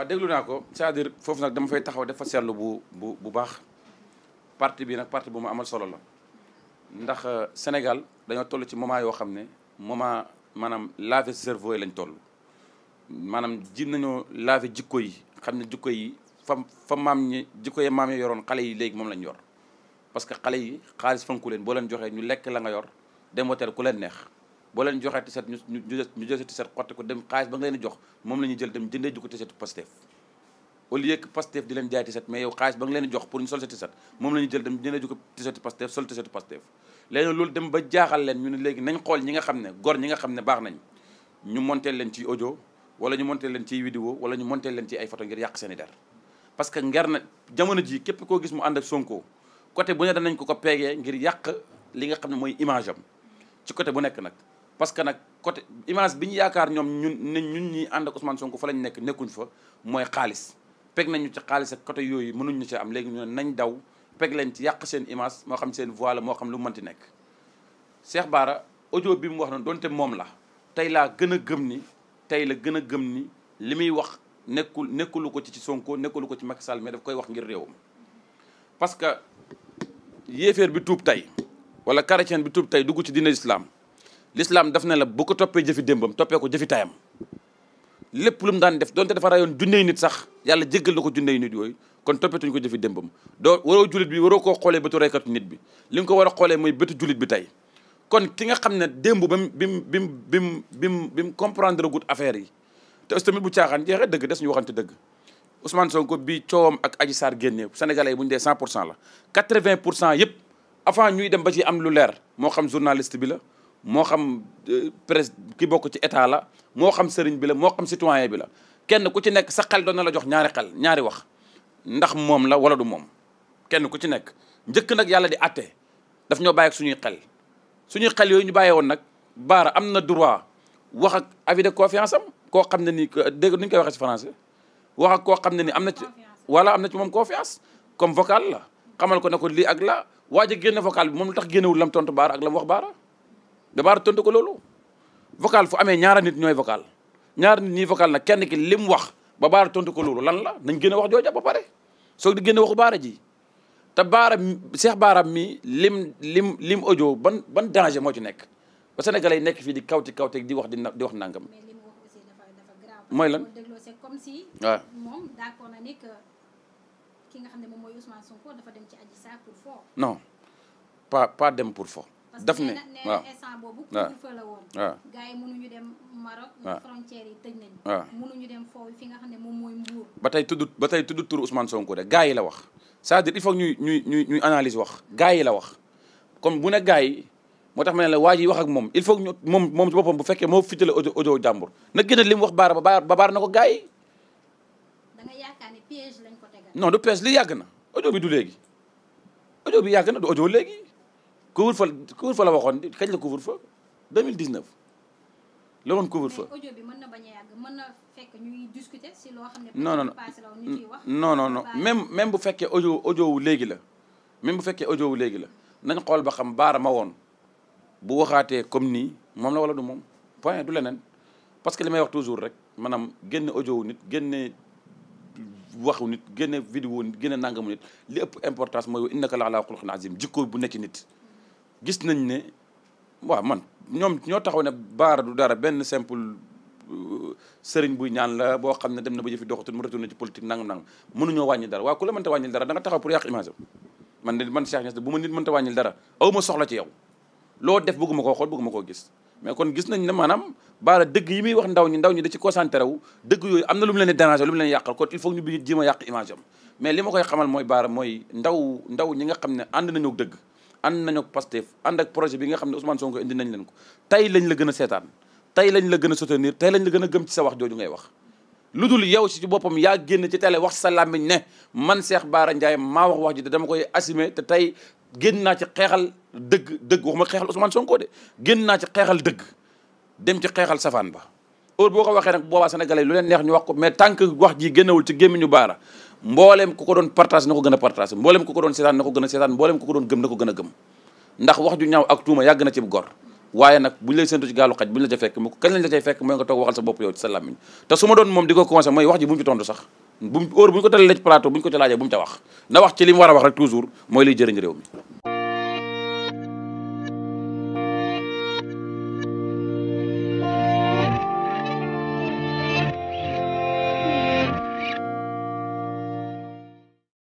waaw déglu naa ko cest dire foofu nag dama fay taxaw dafa seetlu bu bu bu baax partie bi nag partie bu mu amal solo la ndax euh, Sénégal dañoo toll ci moment yoo xam ne moment maanaam laver cerveau lañ toll maanaam ji nañoo laver jikko yi xam ne jikko yi fa fa maam ñi jikko yi maam yi yoroon xale yi léegi moom lañ yor parce que xale yi xaalis fanku leen boo leen joxee ñu lekk la nga yor dem woteel ku leen neex boo leen joxee tiset ñu ñu jël sa tiset xotti ko dem xaalis ba nga leen jox moom la ñuy jël dem jëndee ji ko tisetu Pastef au lieu di leen jaay tiset mais yow xaalis ba nga leen jox pour ñu sol sa tiset moom la jël dem jëndee ji ko tisetu sol tisetu Pastef léegi loolu dem ba jaaxal leen ñu ne léegi nañ xool ñi nga xam ne gor ñi nga xam ne baax nañ ñu monté leen ci audio wala ñu monté leen ci vidéo wala ñu monté leen ci ay photo ngir yàq seen i der parce que nger na jamono ji képp koo gis mu ànd ak Sonko côté bu ne danañ ko ko peegee ngir yàq li nga xam ne mooy image am ci côté bu nekk nag parce que nag côté image bi ñu yaakaar ñoom ñun ne ñun ñi ànd ak Ousmane Sonko fa lañ nekk nekkuñ fa mooy xaalis peg nañu ci xaalis ak côté yooyu mënuñ ñu ci am léegi ñu ne nañ daw peg lañ ci yàq seen image moo xam seen voile moo xam lu mënti nekk Cheikh baara ojo bi mu wax noonu donte moom la tey laa gën a gëm ni tey la gën a gëm ni li muy wax nekkul nekkulu ko ci ci Sonko nekkalu ko ci Macky Sall mais daf koy wax ngir réewam parce que yéeféer bi tuub tey wala chrétien bi tuub tey dugg ci diine lislaam daf na la bu ko toppee jëfi démbam toppee ko jëfi tayam lépp lu mu daan def donte dafa rayoon junneey nit sax yàlla jéggal la ko junneey nit yooyu kon toppatuñ ko jëfi démbam doo waroo jullit bi waroo koo xoolee bëtu reykatu nit bi li nga ko war a xoolee mooy bëtu jullit bi tey kon ki nga xam ne démb ba mu bi mu bi mu bi mu bi mu comprendre gut affaire yi te aussi tamit bu caaxaan jeexee dëgg des ñu waxante dëgg Ousmane Sonko bi coowam ak Adji Sarr génnee sénégalais yi bu ñu dee 100 pour cent la 80 pour cent yëpp avant ñuy dem ba ci am lu leer moo xam journaliste bi la moo xam euh, presse ki bokk ci état la moo xam sëriñ bi la moo xam citoyen bi la kenn ku ci nekk sa xel doon na la jox ñaari xel ñaari wax ndax moom la wala du moom kenn ku ci nekk njëkk nag yàlla di àtte daf ñoo bàyyi ak suñuy xel suñuy xel yooyu ñu bàyyee woon nag baara am na droit wax ak avis de confiance am koo xam ne nii dégg nu ñu koy waxee si français wax ak koo xam ne ni am na ci wala am na ci moom confiance comme vocal la xamal ko ne ko lii ak la waaj a génne bi moom lu tax génnewul tontu baara ak lam wax baara damaa war tontu ko loolu vocal fu amee ñaara nit ñooy vocal ñaara nit ñuy vocal nag kenn ki lim wax ba baara tontu ko loolu lan la nañ gën a wax jooja ba pare soo di gën a waxu baara ji te baara seex baaraam mi lim lim lim audio ban ban danger moo ci nekk ba sénégalais yi nekk fii di kawti kawti di wax di di wax nangam. mooy lan si waaw moom dem pour fo. pas dem pour fo. daf ne waaw waaw waaw. gars yi mënuñu dem Maroc. waaw yi tëj nañu. waaw mënuñu dem foofu fi ne moom mooy Mbour. ba tey tudd ba tey tudd turu Ousmane Sonko de gars yi la wax c'est-à-dire il faut ñuy ñuy ñuy ñuy analyse wax gars yi la wax comme bu ne gars yi moo tax ma ne la waa ji wax ak moom il faut ñu moom moom ci boppam bu fekkee moo fitale ojo audio jàmbur na gën a li mu wax baara ba baara ba baara na ko gars yi. da yaakaar ne piège lañ ko tegal. non du piège li yàgg na audio bi du léegi audio bi yàgg na du audio léegi. couvre fa couvre-feu la waxoon kañ la couvre-feu 2019 la woon couvre-feu. a yàgg mën na fekk bu fekkee audio audio léegi la même bu fekkee audio wu léegi la nañ xool ba xam baara ma woon bu waxaatee comme nii moom la wala du moom point du leneen parce que li may wax toujours rek maanaam génne audio wu nit génne. waxu nit gën a vidéo nit gën li ëpp importance mooy innaka la ala xuluqin azim jikko bu nekk nit gis nañ ne waa man ñoom ñoo taxaw ne baara du dara benn simple euh, sëriñ buy ñaan la boo xam ne dem na ba jëfi doxatul mu retourné ci politique nangam-nangam mënuñoo wàññi dara waaw ku la mënta wàññil dara da nga taxaw pour yàq image am man de man Cheikh Niass bu ma nit dara aw ma soxla ci yow loo def bëgguma koo xool bëgguma koo gis mais kon gis nañ ne maanaam baara dëgg yi muy wax ndaw ñi ndaw ñi da ci concentré wu dëgg yooyu am na lu mu leen di déranger lu mu leen yàqal kon il a yàq image mooy baara mooy ndaw ndaw ñi nga xam ne ànd nañu dëgg ànd nañu ak Pastef ànd ak projet bi nga ne Ousmane Sonko indi nañ leen ko tey lañ la gën a seetaan tey lañ la gën a soutenir tey lañ la gën a gëm ci sa wax jooju ngay wax lu dul yow si ci boppam yaa génn ci télé wax sa làmmiñ ne man seex baara Ndiaye maa wax wax ji te dama koy assumer te tey génn naa ci xeexal dëgg dëgg waxuma xeexal Ousmane Sonko de génn naa ci xeexal dëgg dem ci xeexal safaan ba heure boo ko waxee nag boobaa sénégalais lu leen neex ñu wax ko mais tant que wax ji génnewul ci gémmiñu baara mbooleem ku ko doon partage na ko gën a partage mbooleem ku ko doon seetaan na ko gën a seetaan mbooleem ku ko doon gëm na ko gën a gëm ndax wax ju ñaaw ak tuuma yàgg na ci gor waaye nag buñu lay séntu ci gaalu xaj buñu la la cay fekk mooy nga toog waxal sa bopp yow sa làmmiñ te su doon moom di ko conseil mooy wax ji bu mu ci tontu sax bu bu ñu ko dalalee ci plateau bu ñu ko ci bu mu ca wax na wax ci li mu a wax rek toujours mooy liy jëriñ réew mi